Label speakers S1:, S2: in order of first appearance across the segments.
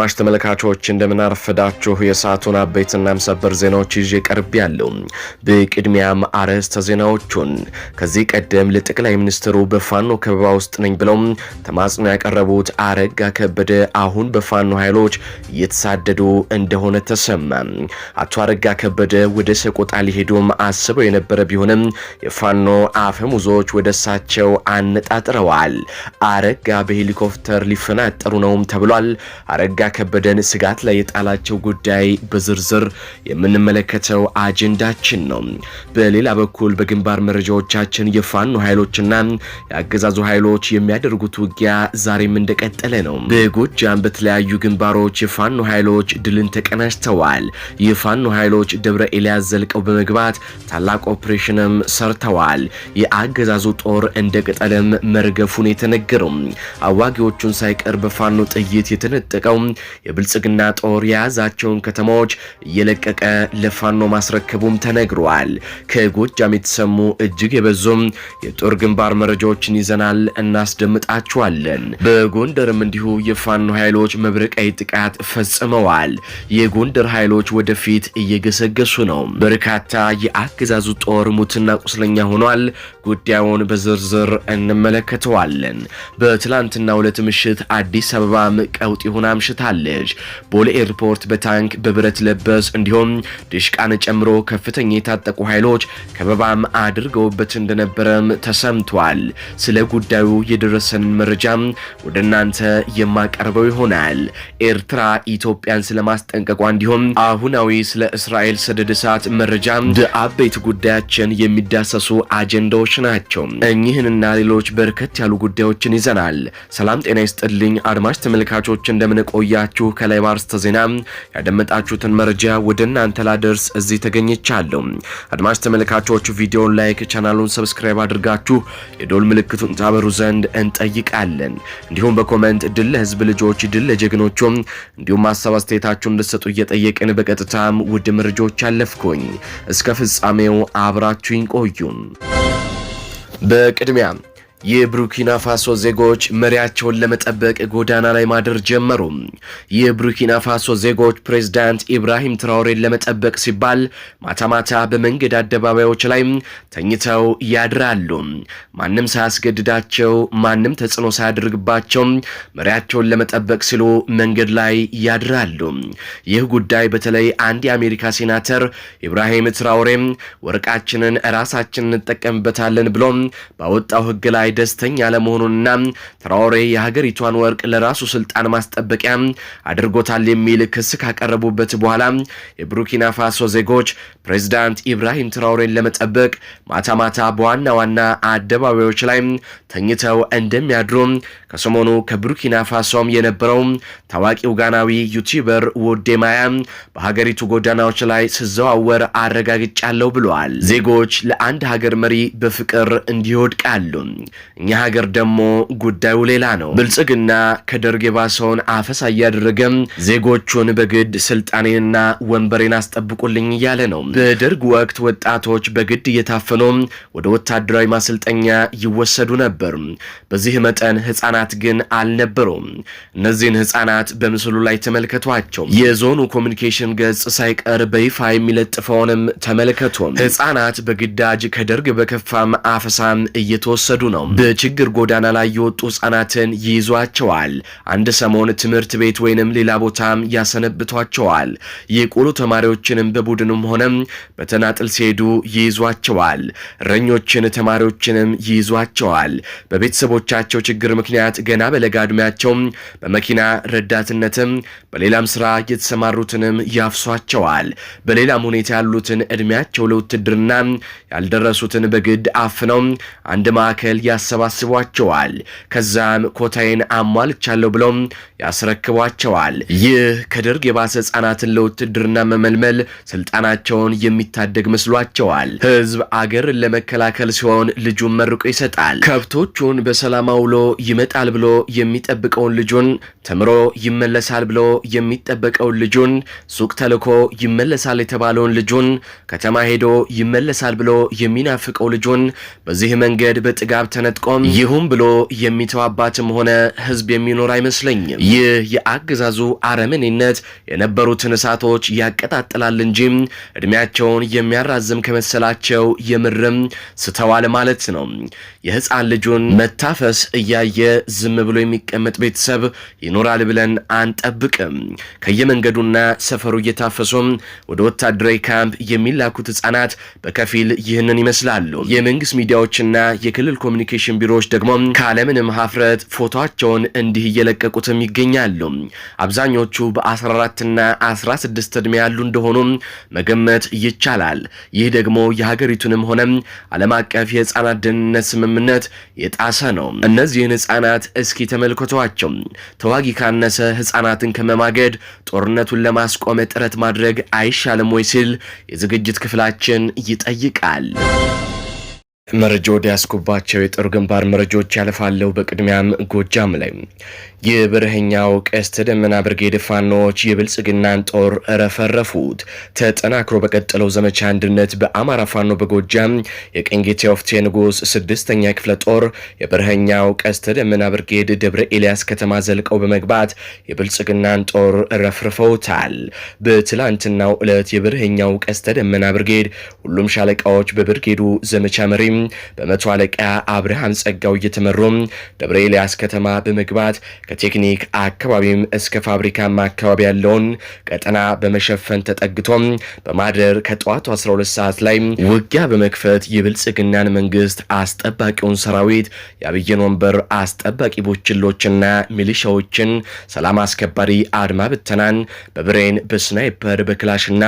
S1: አድማጭ ተመልካቾች እንደምናረፈዳችሁ የሰዓቱን አበይትና ሰበር ዜናዎች ይዤ ቀርብ ያለው። በቅድሚያም አርዕስተ ዜናዎቹን ከዚህ ቀደም ለጠቅላይ ሚኒስትሩ በፋኖ ከበባ ውስጥ ነኝ ብለው ተማጽኖ ያቀረቡት አረጋ ከበደ አሁን በፋኖ ኃይሎች እየተሳደዱ እንደሆነ ተሰማ። አቶ አረጋ ከበደ ወደ ሰቆጣ ሊሄዱም አስበው የነበረ ቢሆንም የፋኖ አፈሙዞች ወደ እሳቸው አነጣጥረዋል። አረጋ በሄሊኮፕተር ሊፈናጠሩ ነውም ተብሏል። አረጋ ከበደን ስጋት ላይ የጣላቸው ጉዳይ በዝርዝር የምንመለከተው አጀንዳችን ነው። በሌላ በኩል በግንባር መረጃዎቻችን የፋኖ ኃይሎችና የአገዛዙ ኃይሎች የሚያደርጉት ውጊያ ዛሬም እንደቀጠለ ነው። በጎጃም በተለያዩ ግንባሮች የፋኖ ኃይሎች ድልን ተቀናጅተዋል። የፋኖ ኃይሎች ደብረ ኤልያስ ዘልቀው በመግባት ታላቅ ኦፕሬሽንም ሰርተዋል። የአገዛዙ ጦር እንደ ቅጠልም መርገፉን የተነገረው አዋጊዎቹን ሳይቀር በፋኖ ጥይት የተነጠቀው የብልጽግና ጦር የያዛቸውን ከተማዎች እየለቀቀ ለፋኖ ማስረከቡም ተነግሯል። ከጎጃም የተሰሙ እጅግ የበዙም የጦር ግንባር መረጃዎችን ይዘናል፣ እናስደምጣችኋለን። በጎንደርም እንዲሁ የፋኖ ኃይሎች መብረቃዊ ጥቃት ፈጽመዋል። የጎንደር ኃይሎች ወደፊት እየገሰገሱ ነው። በርካታ የአገዛዙ ጦር ሙትና ቁስለኛ ሆኗል። ጉዳዩን በዝርዝር እንመለከተዋለን። በትላንትና ሁለት ምሽት አዲስ አበባም ቀውጥ ሆና አምሽታለች። አጥፍታለች። ቦሌ ኤርፖርት በታንክ በብረት ለበስ እንዲሁም ድሽቃን ጨምሮ ከፍተኛ የታጠቁ ኃይሎች ከበባም አድርገውበት እንደነበረም ተሰምቷል። ስለ ጉዳዩ የደረሰንን መረጃም ወደ እናንተ የማቀርበው ይሆናል። ኤርትራ ኢትዮጵያን ስለማስጠንቀቋ እንዲሁም አሁናዊ ስለ እስራኤል ሰደድ እሳት መረጃ በአበይት ጉዳያችን የሚዳሰሱ አጀንዳዎች ናቸው። እኚህንና ሌሎች በርከት ያሉ ጉዳዮችን ይዘናል። ሰላም ጤና ይስጥልኝ አድማጭ ተመልካቾች እንደምንቆይ ያችሁ ከላይ ባርስተ ዜና ያደመጣችሁትን መረጃ ወደ እናንተ ላደርስ እዚህ ተገኝቻለሁ። አድማጭ ተመልካቾች ቪዲዮን ላይክ፣ ቻናሉን ሰብስክራይብ አድርጋችሁ የዶል ምልክቱን ታበሩ ዘንድ እንጠይቃለን። እንዲሁም በኮመንት ድል ለህዝብ ልጆች፣ ድል ለጀግኖቹ፣ እንዲሁም ሀሳብ አስተያየታችሁን እንድሰጡ እየጠየቅን በቀጥታ ውድ መረጃዎች አለፍኩኝ። እስከ ፍጻሜው አብራችሁኝ ቆዩ። በቅድሚያ የቡርኪና ፋሶ ዜጎች መሪያቸውን ለመጠበቅ ጎዳና ላይ ማደር ጀመሩ። የቡርኪና ፋሶ ዜጎች ፕሬዝዳንት ኢብራሂም ትራውሬን ለመጠበቅ ሲባል ማታ ማታ በመንገድ አደባባዮች ላይ ተኝተው ያድራሉ። ማንም ሳያስገድዳቸው፣ ማንም ተጽዕኖ ሳያደርግባቸው መሪያቸውን ለመጠበቅ ሲሉ መንገድ ላይ ያድራሉ። ይህ ጉዳይ በተለይ አንድ የአሜሪካ ሴናተር ኢብራሂም ትራውሬ ወርቃችንን ራሳችን እንጠቀምበታለን ብሎ ባወጣው ህግ ላይ ላይ ደስተኛ አለመሆኑንና ትራውሬ የሀገሪቷን ወርቅ ለራሱ ስልጣን ማስጠበቂያ አድርጎታል የሚል ክስ ካቀረቡበት በኋላ የቡርኪና ፋሶ ዜጎች ፕሬዚዳንት ኢብራሂም ትራውሬን ለመጠበቅ ማታ ማታ በዋና ዋና አደባባዮች ላይ ተኝተው እንደሚያድሩ ከሰሞኑ ከቡርኪና ፋሶም የነበረው ታዋቂው ጋናዊ ዩቲዩበር ውዴማያ ማያ በሀገሪቱ ጎዳናዎች ላይ ስዘዋወር አረጋግጫለሁ ብለዋል። ዜጎች ለአንድ ሀገር መሪ በፍቅር እንዲወድቃሉ። እኛ ሀገር ደግሞ ጉዳዩ ሌላ ነው። ብልጽግና ከደርግ የባሰውን አፈሳ እያደረገም ዜጎቹን በግድ ስልጣኔንና ወንበሬን አስጠብቁልኝ እያለ ነው። በደርግ ወቅት ወጣቶች በግድ እየታፈኑ ወደ ወታደራዊ ማሰልጠኛ ይወሰዱ ነበር። በዚህ መጠን ህጻናት ግን አልነበሩም። እነዚህን ህጻናት በምስሉ ላይ ተመልከቷቸው። የዞኑ ኮሚኒኬሽን ገጽ ሳይቀር በይፋ የሚለጥፈውንም ተመልከቱ። ህጻናት በግዳጅ ከደርግ በከፋም አፈሳም እየተወሰዱ ነው። በችግር ጎዳና ላይ የወጡ ህጻናትን ይይዟቸዋል። አንድ ሰሞን ትምህርት ቤት ወይንም ሌላ ቦታም ያሰነብቷቸዋል። የቆሎ ተማሪዎችንም በቡድንም ሆነም በተናጥል ሲሄዱ ይይዟቸዋል። እረኞችን፣ ተማሪዎችንም ይይዟቸዋል። በቤተሰቦቻቸው ችግር ምክንያት ገና በለጋ ዕድሜያቸው በመኪና ረዳትነትም በሌላም ስራ የተሰማሩትንም ያፍሷቸዋል። በሌላም ሁኔታ ያሉትን ዕድሜያቸው ለውትድርና ያልደረሱትን በግድ አፍነው አንድ ማዕከል ያ ያሰባስቧቸዋል። ከዛም ኮታዬን አሟልቻለሁ ብሎም ያስረክቧቸዋል። ይህ ከደርግ የባሰ ህጻናትን ለውትድርና መመልመል ስልጣናቸውን የሚታደግ መስሏቸዋል። ህዝብ አገር ለመከላከል ሲሆን ልጁን መርቆ ይሰጣል። ከብቶቹን በሰላም አውሎ ይመጣል ብሎ የሚጠብቀውን ልጁን ተምሮ ይመለሳል ብሎ የሚጠበቀውን ልጁን ሱቅ ተልኮ ይመለሳል የተባለውን ልጁን ከተማ ሄዶ ይመለሳል ብሎ የሚናፍቀው ልጁን በዚህ መንገድ በጥጋብ ተነ ተነጥቆም ይሁን ብሎ የሚተዋባትም ሆነ ህዝብ የሚኖር አይመስለኝም። ይህ የአገዛዙ አረመኔነት የነበሩትን እሳቶች ያቀጣጥላል እንጂ እድሜያቸውን የሚያራዝም ከመሰላቸው የምርም ስተዋል ማለት ነው። የህፃን ልጁን መታፈስ እያየ ዝም ብሎ የሚቀመጥ ቤተሰብ ይኖራል ብለን አንጠብቅም። ከየመንገዱና ሰፈሩ እየታፈሱም ወደ ወታደራዊ ካምፕ የሚላኩት ህፃናት በከፊል ይህንን ይመስላሉ። የመንግስት ሚዲያዎችና የክልል ኮሚኒኬሽን ቢሮዎች ደግሞ ካለምንም ሀፍረት ፎቶቸውን እንዲህ እየለቀቁትም ይገኛሉ። አብዛኞቹ በ14ና 16 እድሜ ያሉ እንደሆኑ መገመት ይቻላል። ይህ ደግሞ የሀገሪቱንም ሆነ ዓለም አቀፍ የህፃናት ደህንነት ስምምነት ስምምነት የጣሰ ነው። እነዚህን ህጻናት እስኪ ተመልክተዋቸው። ተዋጊ ካነሰ ህጻናትን ከመማገድ ጦርነቱን ለማስቆም ጥረት ማድረግ አይሻልም ወይ ሲል የዝግጅት ክፍላችን ይጠይቃል። መረጃ ወደ ያስኩባቸው የጦር ግንባር መረጃዎች ያለፋለው። በቅድሚያም ጎጃም ላይ የበረኸኛው ቀስተ ደመና ብርጌድ ፋኖች የብልጽግናን ጦር ረፈረፉት። ተጠናክሮ በቀጠለው ዘመቻ አንድነት በአማራ ፋኖ በጎጃም የቅንጌቴ ኦፍቴ ንጉስ ስድስተኛ ክፍለ ጦር የበረኸኛው ቀስተ ደመና ብርጌድ ደብረ ኤልያስ ከተማ ዘልቀው በመግባት የብልጽግናን ጦር ረፍርፈውታል። በትላንትናው ዕለት የበረኸኛው ቀስተ ደመና ብርጌድ ሁሉም ሻለቃዎች በብርጌዱ ዘመቻ መሪም በመቶ አለቃ አብርሃም ጸጋው እየተመሩም ደብረ ኤልያስ ከተማ በመግባት ከቴክኒክ አካባቢም እስከ ፋብሪካም አካባቢ ያለውን ቀጠና በመሸፈን ተጠግቶም በማደር ከጠዋቱ 12 ሰዓት ላይ ውጊያ በመክፈት የብልጽግናን መንግስት አስጠባቂውን ሰራዊት የአብይን ወንበር አስጠባቂ ቦችሎችና ሚሊሻዎችን ሰላም አስከባሪ አድማ ብተናን በብሬን በስናይፐር በክላሽና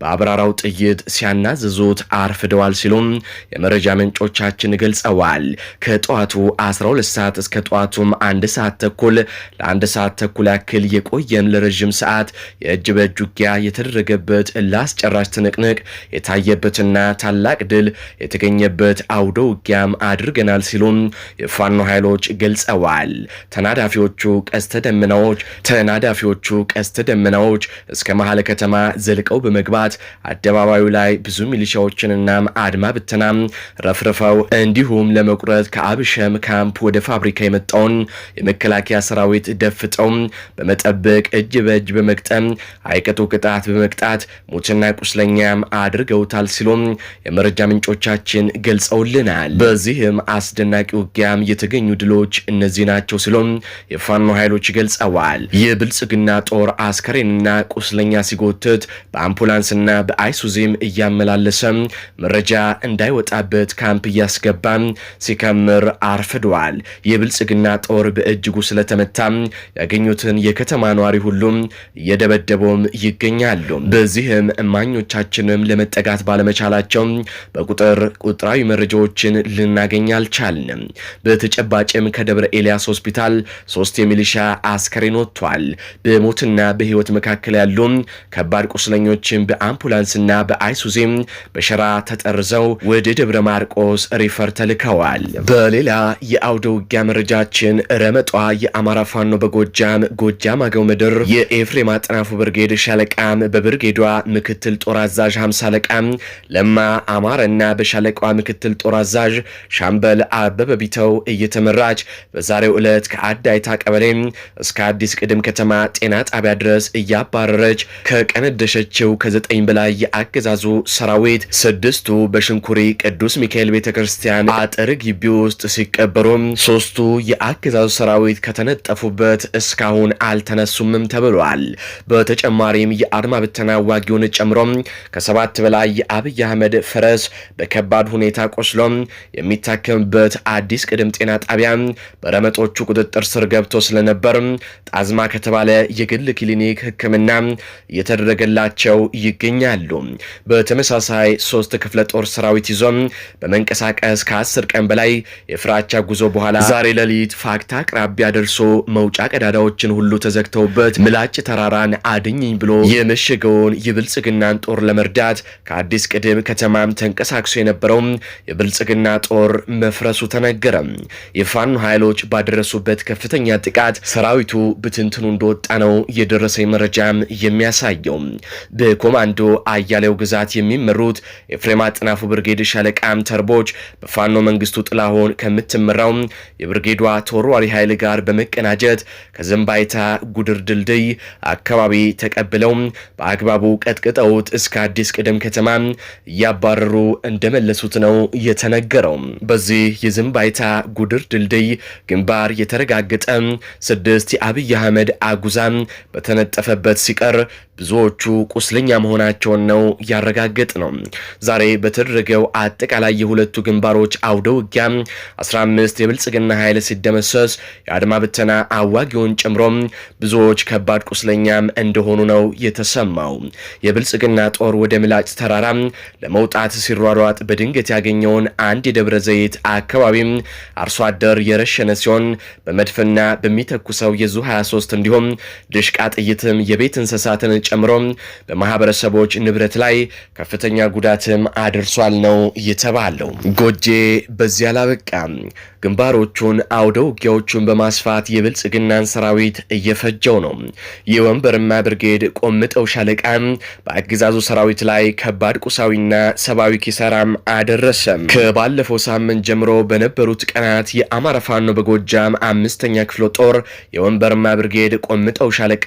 S1: በአብራራው ጥይት ሲያናዝዙት አርፍደዋል ሲሉም የመረጃ ምንጮቻችን ገልጸዋል። ከጠዋቱ 12 ሰዓት እስከ ጠዋቱም አንድ ሰዓት ተኩል ለአንድ ሰዓት ተኩል ያክል የቆየን ለረዥም ሰዓት የእጅ በእጅ ውጊያ የተደረገበት ላስጨራሽ ትንቅንቅ የታየበትና ታላቅ ድል የተገኘበት አውደ ውጊያም አድርገናል ሲሉም የፋኖ ኃይሎች ገልጸዋል። ተናዳፊዎቹ ቀስተ ደመናዎች ተናዳፊዎቹ ቀስተ ደመናዎች እስከ መሀል ከተማ ዘልቀው በመግባት አደባባዩ ላይ ብዙ ሚሊሻዎችንና አድማ ብተናም ረፍርፈው እንዲሁም ለመቁረጥ ከአብሸም ካምፕ ወደ ፋብሪካ የመጣውን የመከላከያ ሰራዊት ደፍጠው በመጠበቅ እጅ በእጅ በመግጠም አይቀጡ ቅጣት በመቅጣት ሙትና ቁስለኛም አድርገውታል ሲሉም የመረጃ ምንጮቻችን ገልጸውልናል። በዚህም አስደናቂ ውጊያም የተገኙ ድሎች እነዚህ ናቸው ሲሉም የፋኖ ኃይሎች ገልጸዋል። የብልጽግና ጦር አስከሬንና ቁስለኛ ሲጎትት በአምቡላንስና በአይሱዚም እያመላለሰ መረጃ እንዳይወጣበት ካምፕ እያስገባ ሲከምር አርፍደዋል። የብልጽግና ጦር በእጅጉ ስለተ እየተመታም ያገኙትን የከተማ ነዋሪ ሁሉም እየደበደበውም ይገኛሉ። በዚህም እማኞቻችንም ለመጠጋት ባለመቻላቸው በቁጥር ቁጥራዊ መረጃዎችን ልናገኝ አልቻልንም። በተጨባጭም ከደብረ ኤልያስ ሆስፒታል ሶስት የሚሊሻ አስከሬን ወጥቷል። በሞትና በህይወት መካከል ያሉ ከባድ ቁስለኞችን በአምቡላንስና በአይሱዜም በሸራ ተጠርዘው ወደ ደብረ ማርቆስ ሪፈር ተልከዋል። በሌላ የአውደ ውጊያ መረጃችን ረመጧ የአማ የአማራ ፋኖ በጎጃም ጎጃም አገው ምድር የኤፍሬም አጥናፉ ብርጌድ ሻለቃም በብርጌዷ ምክትል ጦር አዛዥ ሀምሳ አለቃም ለማ አማረና በሻለቃዋ ምክትል ጦር አዛዥ ሻምበል አበበ ቢተው እየተመራች በዛሬው ዕለት ከአዳይታ ቀበሌ እስከ አዲስ ቅድም ከተማ ጤና ጣቢያ ድረስ እያባረረች ከቀነደሸችው ከዘጠኝ በላይ የአገዛዙ ሰራዊት ስድስቱ በሽንኩሪ ቅዱስ ሚካኤል ቤተ ክርስቲያን አጥር ግቢ ውስጥ ሲቀበሩም ሶስቱ የአገዛዙ ሰራዊት ከተ የተነጠፉበት እስካሁን አልተነሱምም ተብሏል። በተጨማሪም የአድማ ብተና ዋጊውን ጨምሮ ከሰባት በላይ የአብይ አህመድ ፈረስ በከባድ ሁኔታ ቆስሎ የሚታከምበት አዲስ ቅድም ጤና ጣቢያ በረመጦቹ ቁጥጥር ስር ገብቶ ስለነበር ጣዝማ ከተባለ የግል ክሊኒክ ሕክምና እየተደረገላቸው ይገኛሉ። በተመሳሳይ ሶስት ክፍለ ጦር ሰራዊት ይዞ በመንቀሳቀስ ከአስር ቀን በላይ የፍራቻ ጉዞ በኋላ ዛሬ ሌሊት ፋክታ አቅራቢያ ደርሶ ደርሶ መውጫ ቀዳዳዎችን ሁሉ ተዘግተውበት ምላጭ ተራራን አድኝኝ ብሎ የመሸገውን የብልጽግናን ጦር ለመርዳት ከአዲስ ቅድም ከተማም ተንቀሳቅሶ የነበረው የብልጽግና ጦር መፍረሱ ተነገረ። የፋኖ ኃይሎች ባደረሱበት ከፍተኛ ጥቃት ሰራዊቱ ብትንትኑ እንደወጣ ነው የደረሰኝ መረጃም የሚያሳየው። በኮማንዶ አያሌው ግዛት የሚመሩት ኤፍሬም አጥናፉ ብርጌድ ሻለቃም ተርቦች በፋኖ መንግስቱ ጥላሁን ከምትመራው የብርጌዷ ተወርዋሪ ኃይል ጋር በመ በመቀናጀት ከዘምባይታ ጉድር ድልድይ አካባቢ ተቀብለው በአግባቡ ቀጥቅጠውት እስከ አዲስ ቅደም ከተማ እያባረሩ እንደመለሱት ነው የተነገረው። በዚህ የዘምባይታ ጉድር ድልድይ ግንባር የተረጋገጠ ስድስት የአብይ አህመድ አጉዛ በተነጠፈበት ሲቀር ብዙዎቹ ቁስለኛ መሆናቸውን ነው ያረጋገጥ ነው። ዛሬ በተደረገው አጠቃላይ የሁለቱ ግንባሮች አውደ ውጊያ 15 የብልጽግና ኃይል ሲደመሰስ የአድማ ብት ፈተና አዋጊውን ጨምሮም ብዙዎች ከባድ ቁስለኛም እንደሆኑ ነው የተሰማው። የብልጽግና ጦር ወደ ምላጭ ተራራ ለመውጣት ሲሯሯጥ በድንገት ያገኘውን አንድ የደብረ ዘይት አካባቢም አርሶ አደር የረሸነ ሲሆን በመድፍና በሚተኩሰው የዙ 23 እንዲሁም ድሽቃ ጥይትም የቤት እንስሳትን ጨምሮ በማህበረሰቦች ንብረት ላይ ከፍተኛ ጉዳትም አድርሷል ነው የተባለው። ጎጄ በዚያ አላበቃም። ግንባሮቹን አውደ ውጊያዎቹን በማስፋት የብልጽግናን ሰራዊት እየፈጀው ነው። የወንበርማ ብርጌድ ቆምጠው ሻለቃ በአገዛዙ ሰራዊት ላይ ከባድ ቁሳዊና ሰብአዊ ኪሳራም አደረሰም። ከባለፈው ሳምንት ጀምሮ በነበሩት ቀናት የአማራ ፋኖ በጎጃም አምስተኛ ክፍለ ጦር የወንበርማ ብርጌድ ቆምጠው ሻለቃ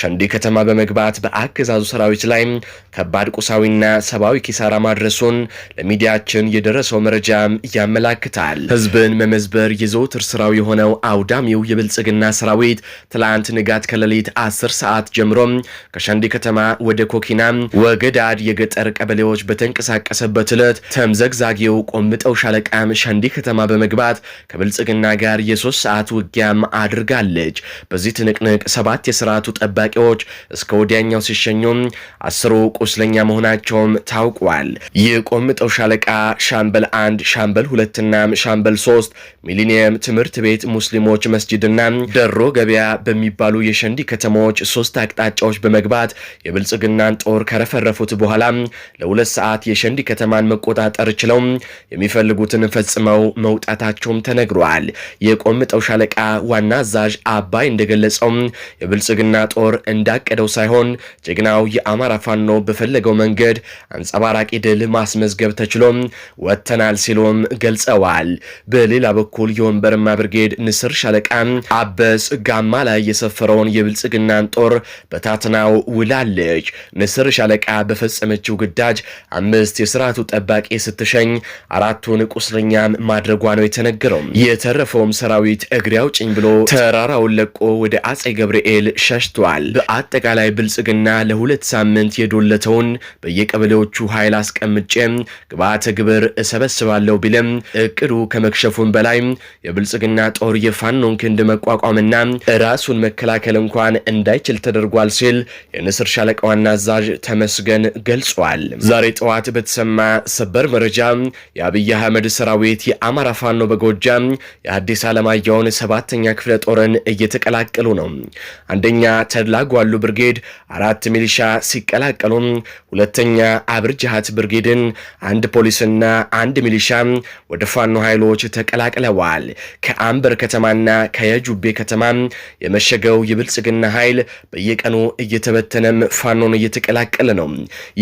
S1: ሸንዲ ከተማ በመግባት በአገዛዙ ሰራዊት ላይ ከባድ ቁሳዊና ሰብአዊ ኪሳራ ማድረሱን ለሚዲያችን የደረሰው መረጃም ያመላክታል። ህዝብን መመዝበር የዘውትር ስራው የሆነው አውዳሚው የብልጽግና ሰራዊት ትላንት ንጋት ከሌሊት 10 ሰዓት ጀምሮ ከሸንዲ ከተማ ወደ ኮኪና ወገዳድ የገጠር ቀበሌዎች በተንቀሳቀሰበት ዕለት ተምዘግዛጊው ቆምጠው ሻለቃም ሸንዲ ከተማ በመግባት ከብልጽግና ጋር የሶስት ሰዓት ውጊያም አድርጋለች። በዚህ ትንቅንቅ ሰባት የስርዓቱ ጠባቂዎች እስከ ወዲያኛው ሲሸኙ አስሩ ቁስለኛ መሆናቸውም ታውቋል። የቆምጠው ሻለቃ ሻምበል አንድ ሻምበል ሁለትና ሻምበል ሶስት ሚሊኒየም ትምህርት ቤት ሙስሊሞች መስጅድ መስጂድና ደሮ ገበያ በሚባሉ የሸንዲ ከተማዎች ሶስት አቅጣጫዎች በመግባት የብልጽግናን ጦር ከረፈረፉት በኋላ ለሁለት ሰዓት የሸንዲ ከተማን መቆጣጠር ችለው የሚፈልጉትን ፈጽመው መውጣታቸውም ተነግሯል። የቆምጠው ሻለቃ ዋና አዛዥ አባይ እንደገለጸው የብልጽግና ጦር እንዳቀደው ሳይሆን ጀግናው የአማራ ፋኖ በፈለገው መንገድ አንጸባራቂ ድል ማስመዝገብ ተችሎ ወጥተናል ሲሉም ገልጸዋል። በሌላ በኩል የወንበርማ ብርጌድ ንስር ሻለቃ ጽጋማ ላይ የሰፈረውን የብልጽግናን ጦር በታትናው ውላለች። ንስር ሻለቃ በፈጸመችው ግዳጅ አምስት የስርዓቱ ጠባቂ ስትሸኝ አራቱን ቁስለኛም ማድረጓ ነው የተነገረው። የተረፈውም ሰራዊት እግሬ አውጭኝ ብሎ ተራራውን ለቆ ወደ አጼ ገብርኤል ሸሽቷል። በአጠቃላይ ብልጽግና ለሁለት ሳምንት የዶለተውን በየቀበሌዎቹ ኃይል አስቀምጬ ግብዓተ ግብር እሰበስባለሁ ቢልም እቅዱ ከመክሸፉን በላይ የብልጽግና ጦር የፋኖን ክንድ መቋቋምና ራሱን መከላከል እንኳን እንዳይችል ተደርጓል ሲል የንስር ሻለቃ ዋና አዛዥ ተመስገን ገልጿል። ዛሬ ጠዋት በተሰማ ሰበር መረጃ የአብይ አህመድ ሰራዊት የአማራ ፋኖ በጎጃም የአዲስ አለማየውን ሰባተኛ ክፍለ ጦርን እየተቀላቀሉ ነው። አንደኛ ተድላጓሉ ብርጌድ አራት ሚሊሻ ሲቀላቀሉ፣ ሁለተኛ አብርጅሃት ብርጌድን አንድ ፖሊስና አንድ ሚሊሻ ወደ ፋኖ ኃይሎች ተቀላቅለዋል። ከአምበር ከተማና ከየጁቤ ከተማ የመሸገው የብልጽግና ኃይል በየቀኑ እየተበተነም ፋኖን እየተቀላቀለ ነው።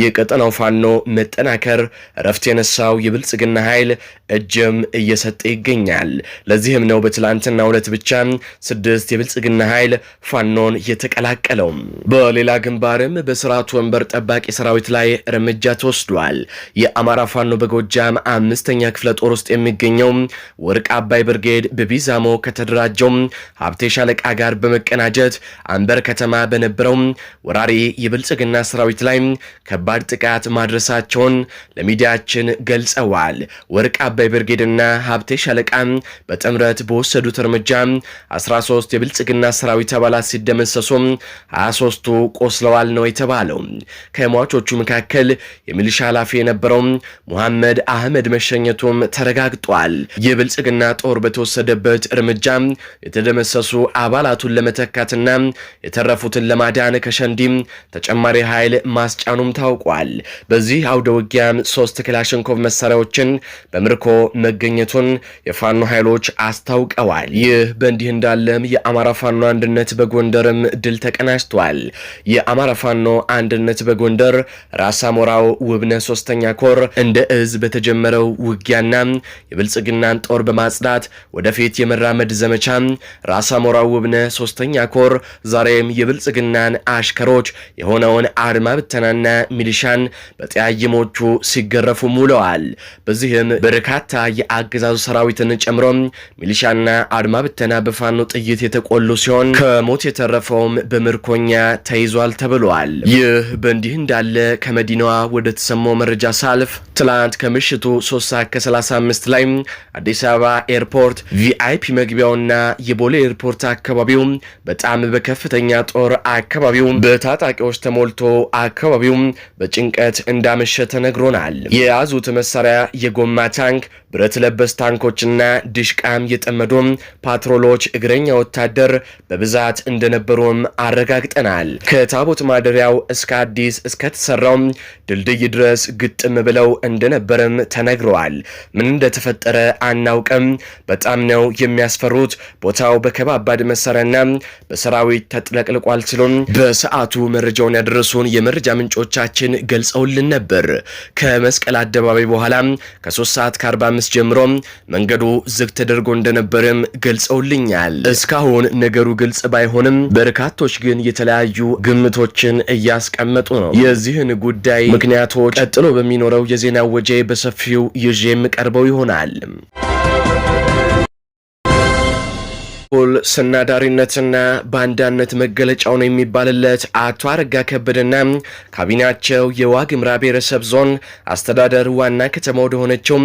S1: የቀጠናው ፋኖ መጠናከር እረፍት የነሳው የብልጽግና ኃይል እጅም እየሰጠ ይገኛል። ለዚህም ነው በትላንትና ሁለት ብቻ ስድስት የብልጽግና ኃይል ፋኖን የተቀላቀለው። በሌላ ግንባርም በስርዓቱ ወንበር ጠባቂ ሰራዊት ላይ እርምጃ ተወስዷል። የአማራ ፋኖ በጎጃም አምስተኛ ክፍለ ጦር ውስጥ የሚገኘው ወርቅ አባይ ብርጌድ በቢዛሞ ከተደራጀው ከአለቃቸው ሀብቴ ሻለቃ ጋር በመቀናጀት አንበር ከተማ በነበረው ወራሪ የብልጽግና ሰራዊት ላይ ከባድ ጥቃት ማድረሳቸውን ለሚዲያችን ገልጸዋል። ወርቅ አባይ ብርጌድና ሀብቴ ሻለቃ በጥምረት በወሰዱት እርምጃ 13 የብልጽግና ሰራዊት አባላት ሲደመሰሱ 23ቱ ቆስለዋል ነው የተባለው። ከሟቾቹ መካከል የሚሊሻ ኃላፊ የነበረው ሙሐመድ አህመድ መሸኘቱም ተረጋግጧል። የብልጽግና ጦር በተወሰደበት እርምጃ የተደመሰሱ አባላቱን ለመተካትና የተረፉትን ለማዳን ከሸንዲም ተጨማሪ ኃይል ማስጫኑም ታውቋል። በዚህ አውደ ውጊያም ሶስት ክላሽንኮቭ መሳሪያዎችን በምርኮ መገኘቱን የፋኖ ኃይሎች አስታውቀዋል። ይህ በእንዲህ እንዳለም የአማራ ፋኖ አንድነት በጎንደርም ድል ተቀናጅቷል። የአማራ ፋኖ አንድነት በጎንደር ራሳ አሞራው ውብነ ሶስተኛ ኮር እንደ እዝ በተጀመረው ውጊያና የብልጽግናን ጦር በማጽዳት ወደፊት የመራመድ ዘመቻ ራስ አሞራው ውብነህ ሶስተኛ ኮር ዛሬም የብልጽግናን አሽከሮች የሆነውን አድማ ብተናና ሚሊሻን በጠያይሞቹ ሲገረፉ ውለዋል። በዚህም በርካታ የአገዛዙ ሰራዊትን ጨምሮ ሚሊሻና አድማ ብተና በፋኖ ጥይት የተቆሉ ሲሆን ከሞት የተረፈውም በምርኮኛ ተይዟል ተብሏል። ይህ በእንዲህ እንዳለ ከመዲናዋ ወደ ተሰማው መረጃ ሳልፍ ትላንት ከምሽቱ 3 ከ35 ላይ አዲስ አበባ ኤርፖርት ቪአይፒ መግቢያውና የቦሌ ኤርፖርት አካባቢው በጣም በከፍተኛ ጦር አካባቢው በታጣቂዎች ተሞልቶ አካባቢው በጭንቀት እንዳመሸ ተነግሮናል። የያዙት መሳሪያ የጎማ ታንክ፣ ብረት ለበስ ታንኮችና ድሽቃም የጠመዱ ፓትሮሎች፣ እግረኛ ወታደር በብዛት እንደነበሩም አረጋግጠናል። ከታቦት ማደሪያው እስከ አዲስ እስከተሰራው ድልድይ ድረስ ግጥም ብለው እንደነበርም ተነግረዋል። ምን እንደተፈጠረ አናውቅም። በጣም ነው የሚያስፈሩት። ቦታው በከባባድ መሳሪያና በሰራዊት ተጥለቅልቋል ሲሉም በሰዓቱ መረጃውን ያደረሱን የመረጃ ምንጮቻችን ገልጸውልን ነበር። ከመስቀል አደባባይ በኋላ ከ3 ሰዓት ከ45 ጀምሮ መንገዱ ዝግ ተደርጎ እንደነበርም ገልጸውልኛል። እስካሁን ነገሩ ግልጽ ባይሆንም በርካቶች ግን የተለያዩ ግምቶችን እያስቀመጡ ነው። የዚህን ጉዳይ ምክንያቶች ቀጥሎ በሚኖረው የዜና ወጄ በሰፊው ይዤ የምቀርበው ይሆናል። ሁል ስናዳሪነትና ባንዳነት መገለጫው ነው የሚባልለት አቶ አረጋ ከበደና ካቢናቸው የዋግምራ ብሔረሰብ ዞን አስተዳደር ዋና ከተማ ወደሆነችው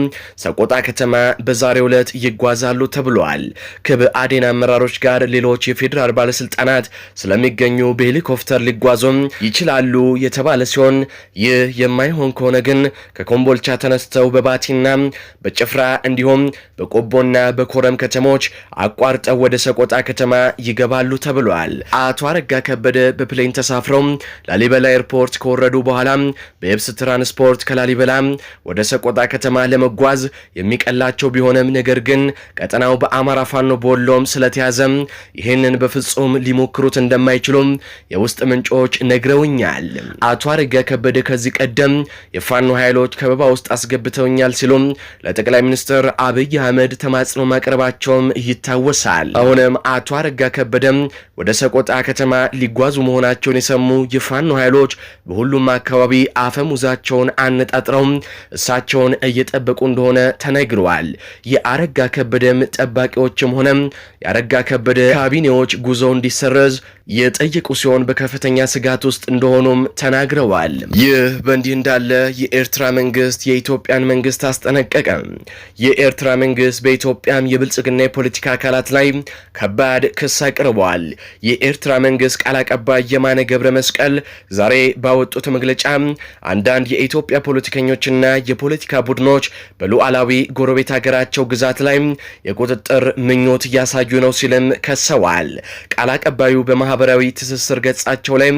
S1: ሰቆጣ ከተማ በዛሬው ዕለት ይጓዛሉ ተብሏል። ከብአዴን አመራሮች ጋር ሌሎች የፌዴራል ባለስልጣናት ስለሚገኙ በሄሊኮፕተር ሊጓዙም ይችላሉ የተባለ ሲሆን ይህ የማይሆን ከሆነ ግን ከኮምቦልቻ ተነስተው በባቲና በጭፍራ እንዲሁም በቆቦና በኮረም ከተሞች አቋርጠው ወደ ሰቆጣ ከተማ ይገባሉ ተብሏል። አቶ አረጋ ከበደ በፕሌን ተሳፍረው ላሊበላ ኤርፖርት ከወረዱ በኋላ በየብስ ትራንስፖርት ከላሊበላ ወደ ሰቆጣ ከተማ ለመጓዝ የሚቀላቸው ቢሆንም ነገር ግን ቀጠናው በአማራ ፋኖ በወሎም ስለተያዘም ይህንን በፍጹም ሊሞክሩት እንደማይችሉም የውስጥ ምንጮች ነግረውኛል። አቶ አረጋ ከበደ ከዚህ ቀደም የፋኖ ኃይሎች ከበባ ውስጥ አስገብተውኛል ሲሉም ለጠቅላይ ሚኒስትር አብይ አህመድ ተማጽኖ ማቅረባቸውም ይታወሳል። አሁንም አቶ አረጋ ከበደም ወደ ሰቆጣ ከተማ ሊጓዙ መሆናቸውን የሰሙ የፋኖ ኃይሎች በሁሉም አካባቢ አፈሙዛቸውን አነጣጥረው እሳቸውን እየጠበቁ እንደሆነ ተነግረዋል። የአረጋ ከበደም ጠባቂዎችም ሆነ የአረጋ ከበደ ካቢኔዎች ጉዞ እንዲሰረዝ የጠየቁ ሲሆን በከፍተኛ ስጋት ውስጥ እንደሆኑም ተናግረዋል። ይህ በእንዲህ እንዳለ የኤርትራ መንግስት የኢትዮጵያን መንግስት አስጠነቀቀ። የኤርትራ መንግስት በኢትዮጵያም የብልጽግና የፖለቲካ አካላት ላይ ከባድ ክስ አቅርበዋል። የኤርትራ መንግስት ቃል አቀባይ የማነ ገብረ መስቀል ዛሬ ባወጡት መግለጫ አንዳንድ የኢትዮጵያ ፖለቲከኞችና የፖለቲካ ቡድኖች በሉዓላዊ ጎረቤት ሀገራቸው ግዛት ላይ የቁጥጥር ምኞት እያሳዩ ነው ሲልም ከሰዋል። ቃል አቀባዩ በመ ማህበራዊ ትስስር ገጻቸው ላይ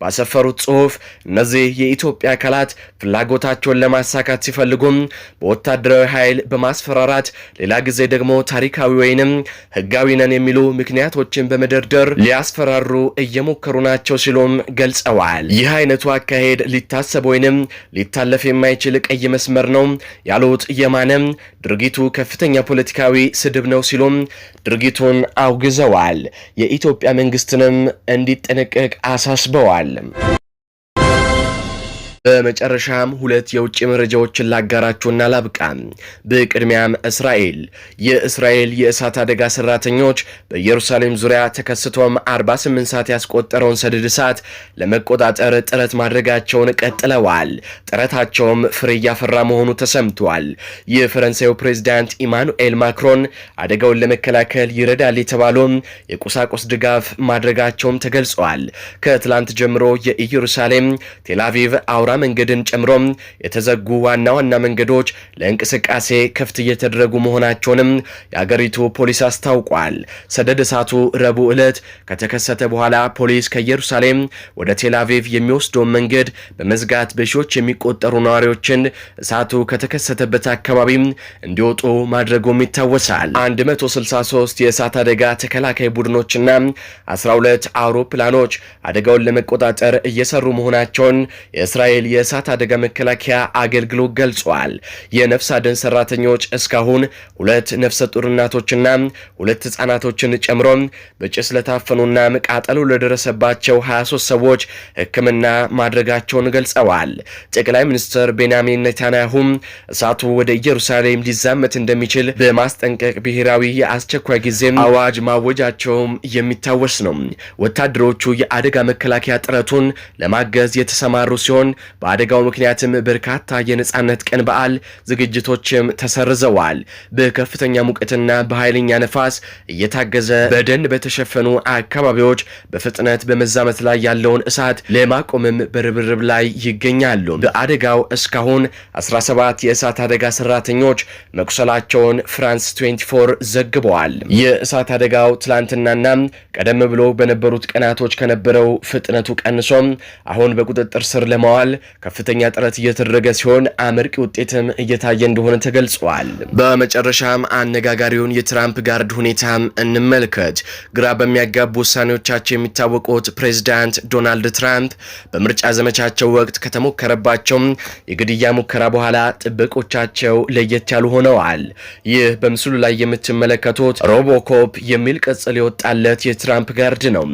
S1: ባሰፈሩት ጽሁፍ እነዚህ የኢትዮጵያ አካላት ፍላጎታቸውን ለማሳካት ሲፈልጉም በወታደራዊ ኃይል በማስፈራራት ሌላ ጊዜ ደግሞ ታሪካዊ ወይንም ህጋዊ ነን የሚሉ ምክንያቶችን በመደርደር ሊያስፈራሩ እየሞከሩ ናቸው ሲሉም ገልጸዋል። ይህ አይነቱ አካሄድ ሊታሰብ ወይንም ሊታለፍ የማይችል ቀይ መስመር ነው ያሉት የማነም ድርጊቱ ከፍተኛ ፖለቲካዊ ስድብ ነው ሲሉም ድርጊቱን አውግዘዋል። የኢትዮጵያ መንግስትንም እንዲጠነቀቅ አሳስበዋል። በመጨረሻም ሁለት የውጭ መረጃዎችን ላጋራችሁና ላብቃ በቅድሚያም እስራኤል የእስራኤል የእሳት አደጋ ሰራተኞች በኢየሩሳሌም ዙሪያ ተከስቶም 48 ሰዓት ያስቆጠረውን ሰደድ እሳት ለመቆጣጠር ጥረት ማድረጋቸውን ቀጥለዋል። ጥረታቸውም ፍሬ እያፈራ መሆኑ ተሰምቷል። የፈረንሳዩ ፕሬዚዳንት ኢማኑኤል ማክሮን አደጋውን ለመከላከል ይረዳል የተባለውም የቁሳቁስ ድጋፍ ማድረጋቸውም ተገልጸዋል። ከትላንት ጀምሮ የኢየሩሳሌም ቴላቪቭ አውራ አውራ መንገድን ጨምሮ የተዘጉ ዋና ዋና መንገዶች ለእንቅስቃሴ ክፍት እየተደረጉ መሆናቸውንም የአገሪቱ ፖሊስ አስታውቋል። ሰደድ እሳቱ ረቡዕ ዕለት ከተከሰተ በኋላ ፖሊስ ከኢየሩሳሌም ወደ ቴላቪቭ የሚወስደውን መንገድ በመዝጋት በሺዎች የሚቆጠሩ ነዋሪዎችን እሳቱ ከተከሰተበት አካባቢ እንዲወጡ ማድረጉም ይታወሳል። 163 የእሳት አደጋ ተከላካይ ቡድኖችና 12 አውሮፕላኖች አደጋውን ለመቆጣጠር እየሰሩ መሆናቸውን የእስራኤል ኃይል የእሳት አደጋ መከላከያ አገልግሎት ገልጿል። የነፍስ አድን ሰራተኞች እስካሁን ሁለት ነፍሰ ጡር እናቶችና ሁለት ህጻናቶችን ጨምሮ በጭስ ለታፈኑና ቃጠሎ ለደረሰባቸው 23 ሰዎች ሕክምና ማድረጋቸውን ገልጸዋል። ጠቅላይ ሚኒስትር ቤንያሚን ኔታንያሁም እሳቱ ወደ ኢየሩሳሌም ሊዛመት እንደሚችል በማስጠንቀቅ ብሔራዊ የአስቸኳይ ጊዜም አዋጅ ማወጃቸውም የሚታወስ ነው። ወታደሮቹ የአደጋ መከላከያ ጥረቱን ለማገዝ የተሰማሩ ሲሆን በአደጋው ምክንያትም በርካታ የነፃነት ቀን በዓል ዝግጅቶችም ተሰርዘዋል። በከፍተኛ ሙቀትና በኃይለኛ ነፋስ እየታገዘ በደን በተሸፈኑ አካባቢዎች በፍጥነት በመዛመት ላይ ያለውን እሳት ለማቆምም በርብርብ ላይ ይገኛሉ። በአደጋው እስካሁን 17 የእሳት አደጋ ሰራተኞች መቁሰላቸውን ፍራንስ 24 ዘግበዋል። የእሳት አደጋው ትላንትናና ቀደም ብሎ በነበሩት ቀናቶች ከነበረው ፍጥነቱ ቀንሶም አሁን በቁጥጥር ስር ለማዋል ከፍተኛ ጥረት እየተደረገ ሲሆን አመርቂ ውጤትም እየታየ እንደሆነ ተገልጿል። በመጨረሻም አነጋጋሪውን የትራምፕ ጋርድ ሁኔታም እንመልከት። ግራ በሚያጋቡ ውሳኔዎቻቸው የሚታወቁት ፕሬዚዳንት ዶናልድ ትራምፕ በምርጫ ዘመቻቸው ወቅት ከተሞከረባቸውም የግድያ ሙከራ በኋላ ጥበቆቻቸው ለየት ያሉ ሆነዋል። ይህ በምስሉ ላይ የምትመለከቱት ሮቦኮፕ የሚል ቅጽል የወጣለት የትራምፕ ጋርድ ነው።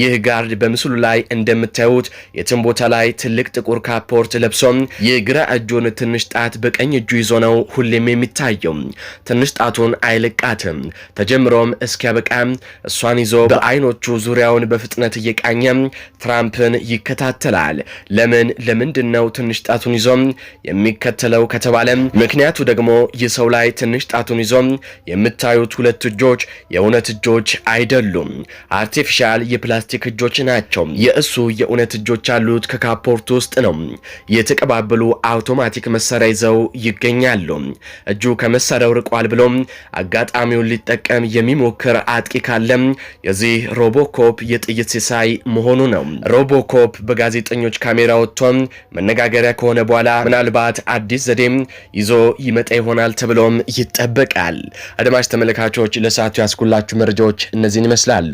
S1: ይህ ጋርድ በምስሉ ላይ እንደምታዩት የትም ቦታ ላይ ትልቅ ጥቁር ካፖርት ለብሶ የግራ እጁን ትንሽ ጣት በቀኝ እጁ ይዞ ነው ሁሌም የሚታየው። ትንሽ ጣቱን አይለቃትም። ተጀምሮም እስኪያበቃ እሷን ይዞ በአይኖቹ ዙሪያውን በፍጥነት እየቃኘ ትራምፕን ይከታተላል። ለምን ለምንድን ነው ትንሽ ጣቱን ይዞ የሚከተለው ከተባለ ምክንያቱ ደግሞ ይህ ሰው ላይ ትንሽ ጣቱን ይዞ የምታዩት ሁለት እጆች የእውነት እጆች አይደሉም፣ አርቲፊሻል የፕላስቲክ እጆች ናቸው። የእሱ የእውነት እጆች ያሉት ከካፖርት ውስጥ ነው። የተቀባበሉ አውቶማቲክ መሳሪያ ይዘው ይገኛሉ። እጁ ከመሳሪያው ርቋል ብሎም አጋጣሚውን ሊጠቀም የሚሞክር አጥቂ ካለም የዚህ ሮቦኮፕ የጥይት ሲሳይ መሆኑ ነው። ሮቦኮፕ በጋዜጠኞች ካሜራ ወጥቶ መነጋገሪያ ከሆነ በኋላ ምናልባት አዲስ ዘዴም ይዞ ይመጣ ይሆናል ተብሎም ይጠበቃል። አድማጭ ተመልካቾች ለሰዓቱ ያስኩላችሁ መረጃዎች እነዚህን ይመስላሉ።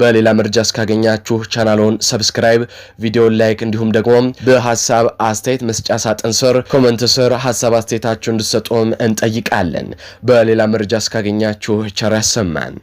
S1: በሌላ መረጃ እስካገኛችሁ ቻናሉን ሰብስክራይብ፣ ቪዲዮን ላይክ እንዲሁም ደግሞ ሀሳብ አስተያየት መስጫ ሳጥን ስር ኮመንት ስር ሀሳብ አስተያየታችሁ እንድሰጡም እንጠይቃለን። በሌላ መረጃ እስካገኛችሁ ቸር ያሰማን።